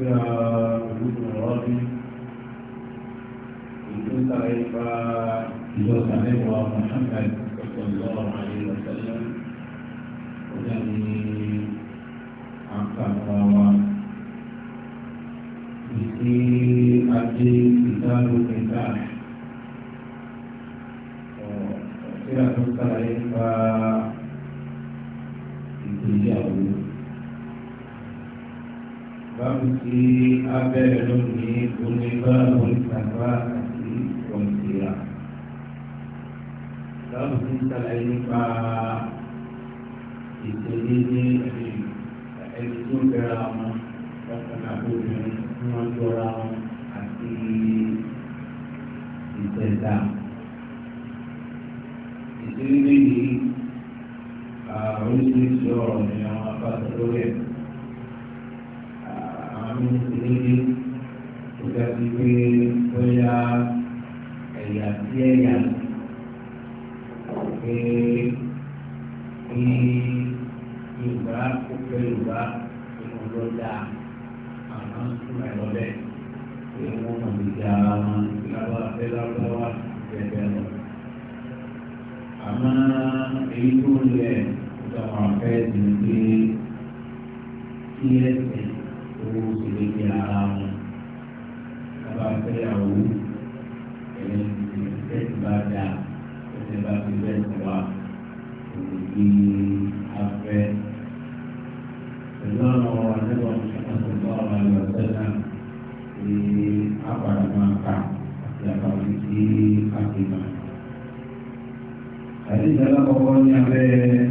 إلى وجود مراضي وجود طريقة جوز نبوة محمد صلى الله عليه وسلم وجميع أنفاق الله في أجل كتاب النكاح báwo tí abẹ́rẹ́ lónìí omi báwo ìtàgbà àti kọ̀ǹtìrà báwo tí sàlàyé nípa ìṣèlédé ẹni tó bẹ̀rẹ̀ àwọn ọkùnrin àbóbìnrin tí wọ́n jọra wọn àti ìṣẹ̀dá ìṣèlédé yìí oríṣiríṣi ọ̀rọ̀ ni àwọn abáṣọ lórí ẹ̀kọ́ ní ìrírí ìgbà tí pé bóyá ẹ̀yà sí ẹ̀yà pé kí Yorùbá kó fẹ́ Yorùbá ìmọ̀ ló dáa àmọ́ ìmọ̀ ẹ̀rọ bẹ́ẹ̀ pé wọ́n mọ̀ ní ìdí lábọ́ abẹ́ lábọ́wá bẹ́ẹ̀ lọ. àmọ́ èyí tó ń lẹ̀ ìjọba ọ̀fẹ́ ìdílé kí ẹ̀sìn. حديث الأخر يعبي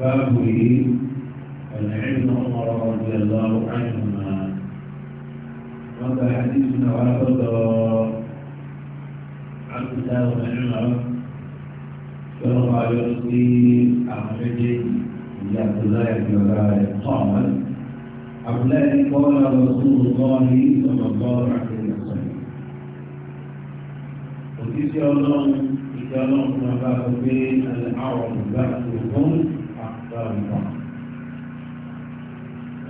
بابه عن ابن عمر رضي الله عنهما وهذا حديث نوافذ عبد الله بن عمر صلى الله عليه وسلم أخرجه عبد الله بن عمر قال عبد الله قال رسول الله صلى الله عليه وسلم وكيف يا الله ìfẹ́lọ́n fún ọba gbogbo àwọn olùgbà òkun àgbàlùfà.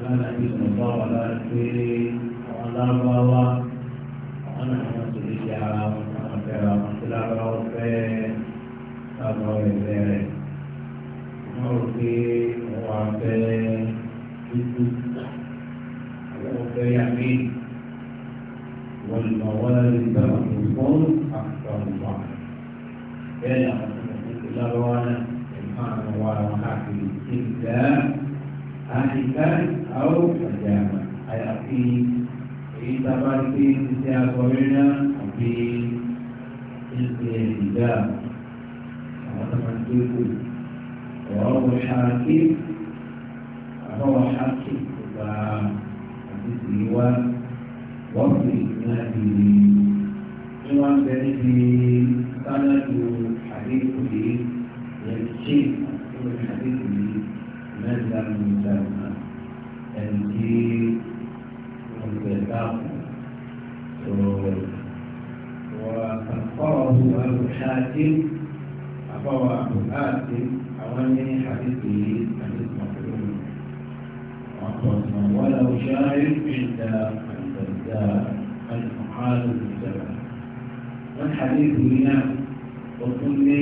Lára ní ìsọ̀tọ́ wà láti pé àwọn lábáwá àwọn náà wọ́n ti lè ṣe ara wọn àwọn fẹ́ra wọn tí lábáwá fẹ́ lábáwá ẹ̀fẹ́ rẹ̀. Wọ́n rò pé wọ́n wá fẹ́ dúdú àwọn fẹ́ yàgbé. والموالد رؤوسهم أكثر بعض bẹ́ẹ̀ náà lọ́wọ́ náà ẹ̀fọn àwọn wa wọn káàkiri ìgbà àyíká àwọn ọ̀jà àyàfi èyí sábà pé títí agbọ̀rí náà àbí ìgbè ìgbà àwọn tó máa ń gbé kù ọ̀rọ̀ wọ ṣáàkì àbọ̀ wọ ṣáàkì gba àtìsí wa wọ́n fi ìgbà ìrìn tí wọ́n ń bẹ níbi. àbáwọ̀ àbùkáàtì àwọn ní àdìsí àdìsí mọ̀kúrú wọn kọ̀ ọ̀sán wọn lọ ṣááyé ìdá àgbàdá àlùmọ̀hálù ìjọba wọn àdìsí náà ó tún ní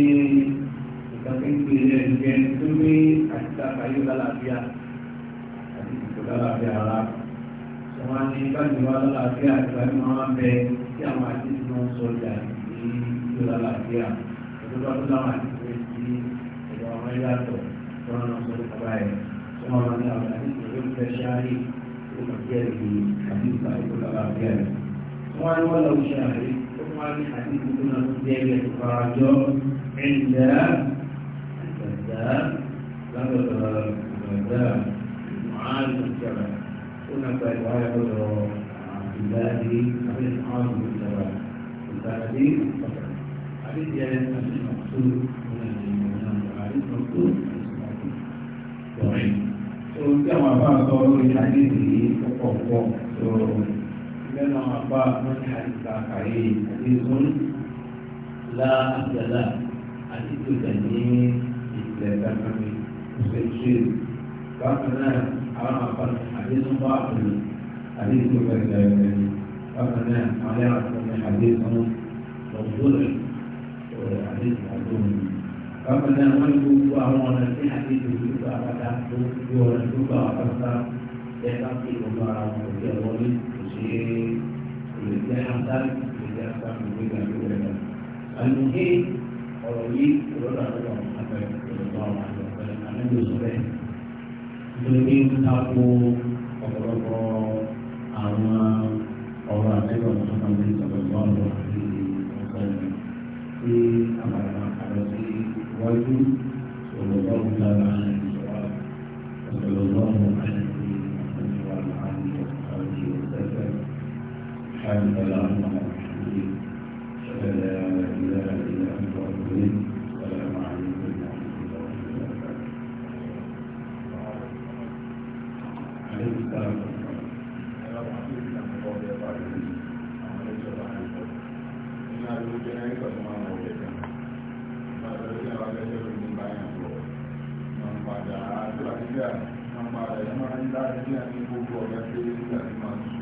ìtàkùnkì rẹ̀ jẹ́ tó ní àtìtàkàyé lálàáfíà àti ìtòkà lálàáfíà rárá wọn á ní báyìí wá lálàáfíà ìgbà tí wọn á bẹ tí àwọn àdìsí náà sọ jà ní ìtòkà lálàáfíà. ìjọba tó láwọn àdìsí rẹ̀ ti ẹ̀dọ̀ àwọn ẹ̀yà àtọ̀ lọ́nà náà sọ nípa báyìí tó máa wà ní àwọn àdìsí rẹ̀ fẹ́ ṣááyé tó máa jẹ́ ìlú àdìsí àìkú lára àbíyá rẹ̀. wọ́n á ní wọ́n lọ́wọ́ ṣááyé tó máa ní àdìsí tó náà ti jẹ́ ilẹ̀ ìfarajọ́ ẹ̀ǹdà ẹ̀ǹdà lábẹ́bẹ̀ ẹ̀ǹdà معاذ الجبل هناك رواية عبد الله بن عاصم الجبل البلدي حديث عن حديث موضوع àti àdóhùn bákan náà wọ́n ní gbogbo àwọn ọ̀nà tí àti ìdòwú tó àpáta tó gbogbo ọ̀nà tó gbà wọ́n pátá ẹ̀ka fi ọ̀gbọ́n ara wọn kò jẹ́ wọlé kò ṣe é lè jẹ́ àǹtáì lè jẹ́ àǹtáì lè jẹ́ àǹtáì lè jẹ́ àlùmí ọ̀rọ̀ yìí ìrọ̀lá ló wà lábẹ́ ìrọ̀lá wà lábẹ́ àlejò sọ̀rẹ́ nítorí ń tako ọ̀pọ̀lọpọ̀ àwọn ọ̀rọ̀ àtẹ́gbọ̀n tó máa ń sọ̀rọ̀ lọ́wọ́ àti ọ̀sẹ̀ yìí sí àbàlá àlọ́sí iwájú sallallahu ta'ala alaihi wa sallallahu alaihi wa sallam. ní àmì gbogbo ọ̀gá tó yẹ nígbà tí máa sùn.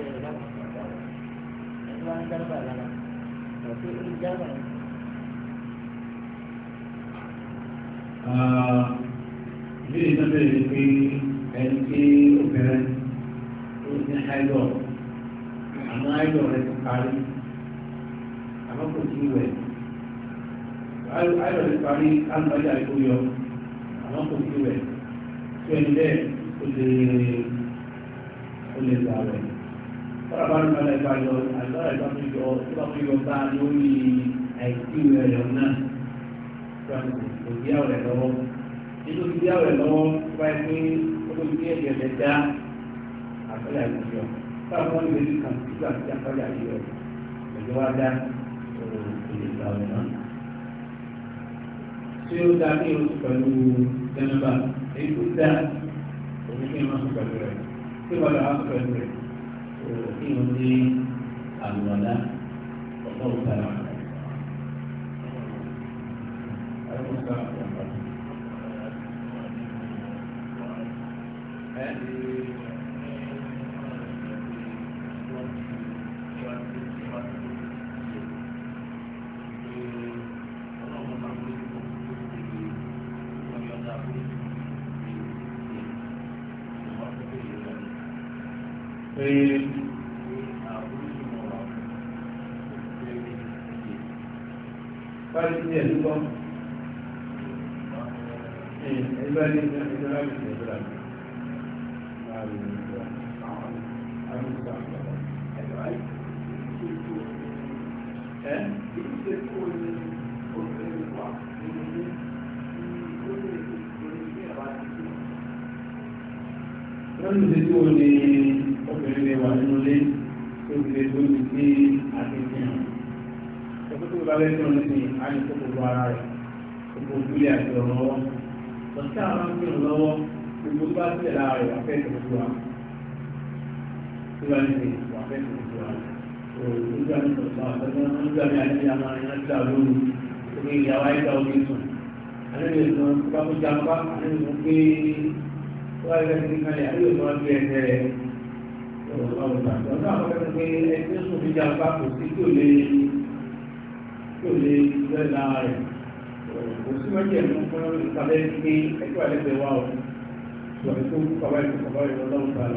ilé ìtọ́jú yìí pé ẹni tí obìnrin tó ní àìlọ́ àmọ́ àìlọ́ rẹ̀ ti parí àmọ́ kò tí ì wẹ̀ àìlọ́ rẹ̀ parí alùpàdé àìkú yọ àmọ́ kò tí ì wẹ̀ tó ẹni bẹ́ẹ̀ kò lè tọ́lá bá ní ọ̀la ìgbà yọ àgbà ìgbà tó yọ ìgbà tó yọ bá lórí àìsí rẹ̀ yọ náà kò bí àwẹ̀ lọ́wọ́ nínú bí àwẹ̀ lọ́wọ́ bá yẹ pé ó tó bí ẹ̀jẹ̀ rẹ̀ dá àgbàlá ìgbìyọ̀ táwọn wọn lè rí kàn sí àti àgbàlá ìgbìyọ̀ ẹ̀jẹ̀ wá dá òfin ní. báyìí ti ẹ̀ lúkọ́ ẹgbẹ́ ní ìjọba ní ìjọba láàrin ìjọba àwọn ìjọba ẹgbẹ́ ẹ̀ ìṣe kó ní obìnrin wà nínú ní ìgbóni ti tó tó ti ní àti fi tó tó bá bẹ́ẹ̀ tó ń sìn á ní kó gbogbo ara rẹ̀ gbogbo ojúlé àti ọ̀rọ̀ lọ́wọ́ lọ́sí àwọn ń kírun lọ́wọ́ gbogbo tó bá sílẹ̀ lára rẹ̀ wàá fẹ́ẹ́ tó gbogbo wa tó bá ní sìn wàá fẹ́ẹ́ tó gbogbo wa olùdókòwò àti sọ̀tọ̀ àtẹ̀tẹ̀ olùdókòwò àti àti àmà ìrántí àlóhùn omi ìyàwó àyíká omi sùn àlejò ìsọ̀ bá kó jàmbá àlejò ìsọ̀ pé wọ́n á yẹ kí kalẹ̀ àlejò ìsọ̀ wá pé ẹgbẹ́ sùn fi jàmbá tí ò lè lẹ́ lára rẹ̀ kò sí mọ́jẹ̀ mú fún ìpàdé ní ẹgbẹ́ àlẹ́gbẹ̀ẹ́ wa ọ̀ ṣùgbọ́n tó kọ́ báyìí kọ́ báyìí lọ́wọ́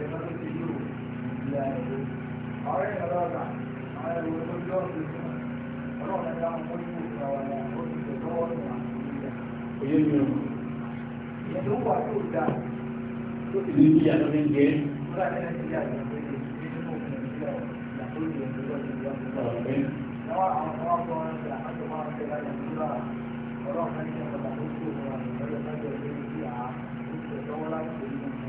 Oyé mi o. Ìyẹ̀dùn wà yóò dá. Ìlú ìyá ló ń jẹ. Ìgbà tí wọ́n ti yà lọ sí ìdílé tó ń bí ọ̀ yàtọ̀ ìyẹn tó lọ sí ìyá tó lọ. Náwó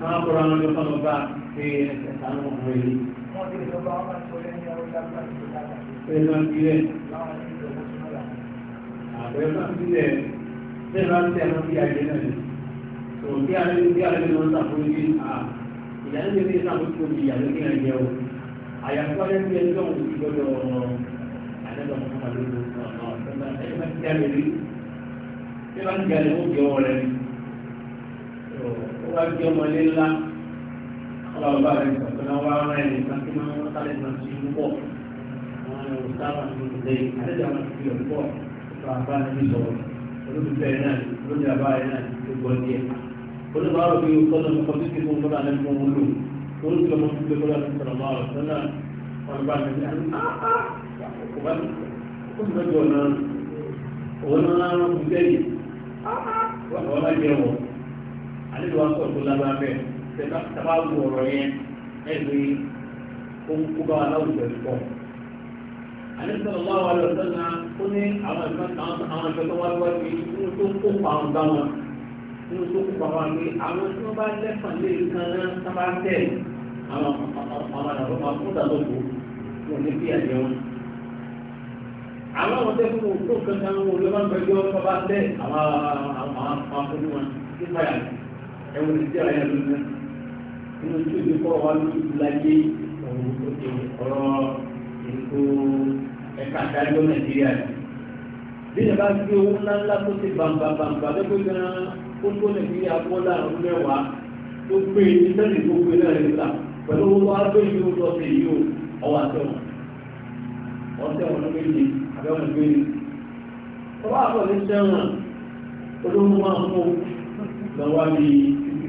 máa kọ́ra wọn ló fọ́nà bá pé ẹsẹ̀ sánú ọmọ yìí. Ṣé máa ń bílẹ̀? Àbẹ̀ máa ń bílẹ̀ ṣé máa ń tẹ̀ fún ọmọdé lọ́wọ́ ọ̀nà ọ̀sẹ̀ náà ẹ̀jẹ̀ máa ó wá gbé ọmọlé ńlá ọlọ́ọ̀bá rẹ̀ ìgbàgbọ́n wá rán ẹ̀yìn kan tí wọ́n mọ́ sálẹ̀ náà sí inú pọ̀ àwọn ẹ̀rọ sábà ní ìdílé àdéjà máa fi ọ̀ pọ̀ tó àbá níbi sọ̀rọ̀ olùfẹ́ náà olóde àbá rẹ̀ náà ti gbọ́ díẹ̀ olùfẹ́ àwọn òbí kọ́lọ́ ní kọ́tí tí wọ́n kọ́lá lẹ́nu wọn lò olùfẹ́ wọn fi kọ́lá ní sọ̀rọ̀ máa rọ̀ àlejò wa sọ̀rọ̀ tó lágbára bẹ́ẹ̀ tẹ̀bá wo ọ̀rọ̀ yẹn ẹ̀gbẹ́ ohun kó bá wa láwùjọ ẹ̀kọ́. àlejò wa wà lọ sọ́nà ó ní àwọn ìfẹ́ tó wá wájú inú tó kó pa àwọn bá wọn inú tó kó pa wọn pé àwọn tí wọ́n bá lẹ́fàn lé nǹkan náà sábà tẹ̀ àwọn àwọn àdàbọ̀ máa fún ìdàgbọ̀ tó wọn ní bí àjẹ wọn. àwọn àwọn tẹ́ fún òkú kankan wọn ló máa ń gbẹjọ́ bá bá tẹ̀ àwọn àwọn àwọn afọ́nú wọn nípa yàtọ̀. ẹ̀wọ̀n ti tẹ́ra yẹn lónìí nínú tí ojú kọ́ wa lójú láyé ọ̀rọ̀ ètò ẹ̀ka àdájọ́ nàìjíríà yìí. bí ẹ bá gbé owó ńláńlá tó ti bàǹbà bàǹbà lẹ́gbẹ́ gan-an ó tó nàìjíríà mẹ́wàá tó gbé pẹ̀lú owó ó lọ sí yìí ó ọwọ́ àtẹ̀wọ̀n ló gbé ní gbé ní. ọwọ́ ní sẹ́wọ̀n máa lọ́wọ́ bíi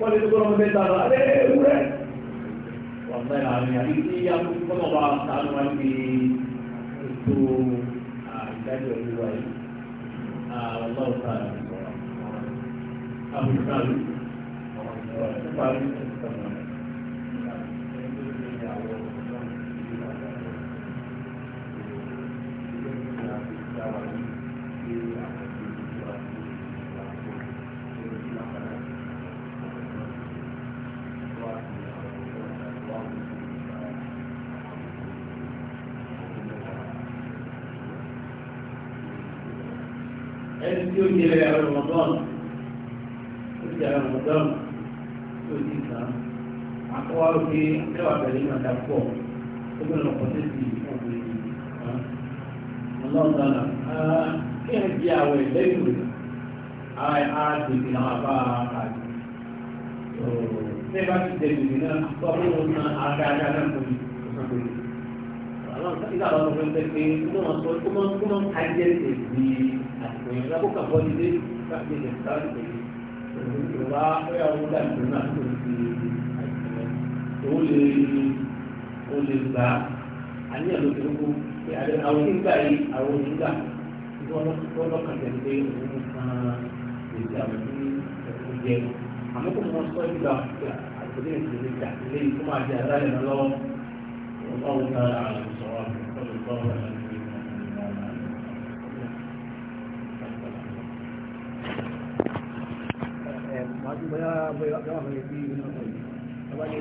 wọ́n lè tó ọmọ mẹ́ta lọ alẹ́ ewúrẹ́ wọ́n fẹ́ ra ní àbí tí yàtọ̀ kọ́mọ̀ bá sàánú wá ní ètò ìdájọ́ ìlú wa yìí ọlọ́run sáà ní sọ̀rọ̀ àbúrò sáà ní Thank you. rọmọdọ́ọ̀nù ó ti jàre rọmọdọ́ọ̀nù tó ti kàn án àkọ́wá ló fi kẹwàá pẹ̀lú ìmọ̀ ẹ̀dá pọ̀ ó bẹ̀rẹ̀ ọ̀pọ̀ tó ti ọ̀pọ̀ èyí kàn án ọlọ́ọ̀dọ́nà kí ẹ̀ di àwọ̀ ẹ̀lẹ́yìn rẹ̀ á tètè náà bá a kà á bẹ́ẹ̀ bá ti dẹ̀ lòdì náà tó bó wọn na àga àga náà kò ní ọ̀sán ìgbà láti lè sáré pé ìwà ẹ̀yà owó dàgbé náà tó ti àìsàn tó lè ó lè gbà á àníyàn ló ti kú pé àwọn onígbà yìí àwọn onígbà wọ́n lọ́kàn tẹ̀lé pé òun kan èdè àwọn tí ẹ̀kọ́ jẹ àmọ́ kò mọ sọ ìgbà àtúndé ìdílé ìjà ilé ìfúnmájẹ adáyẹ̀mọ́ lọ́wọ́ ọ̀pọ̀ òun náà àwọn ìṣòro àti ìṣòro ìṣòro ìṣòro bóyá bóyá bóyá wà fẹ́ bí